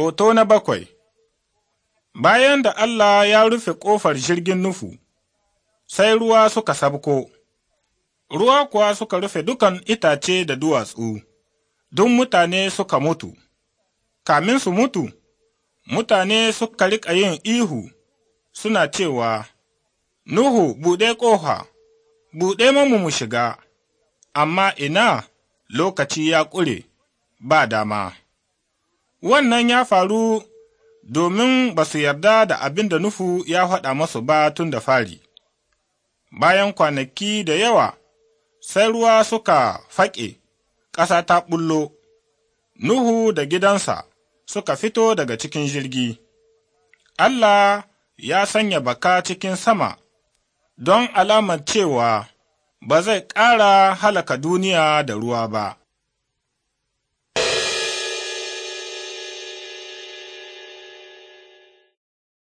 Hoto na bakwai Bayan da Allah ya rufe ƙofar jirgin nufu, sai ruwa suka sabko, ruwa kuwa suka rufe dukan itace da duwatsu, duk mutane suka mutu, kamin su mutu, mutane suka riƙa yin ihu suna cewa, Nuhu, buɗe ƙofa, buɗe mamu mu shiga, amma ina lokaci ya ƙure, ba dama. Wannan ya faru domin ba su yarda da abin da Nuhu ya faɗa masu ba tun da fari. Bayan kwanaki da yawa, sai ruwa suka faƙe, ƙasa ta ɓullo, Nuhu da gidansa suka fito daga cikin jirgi. Allah ya sanya baka cikin sama don alamar cewa ba zai ƙara halaka duniya da ruwa ba.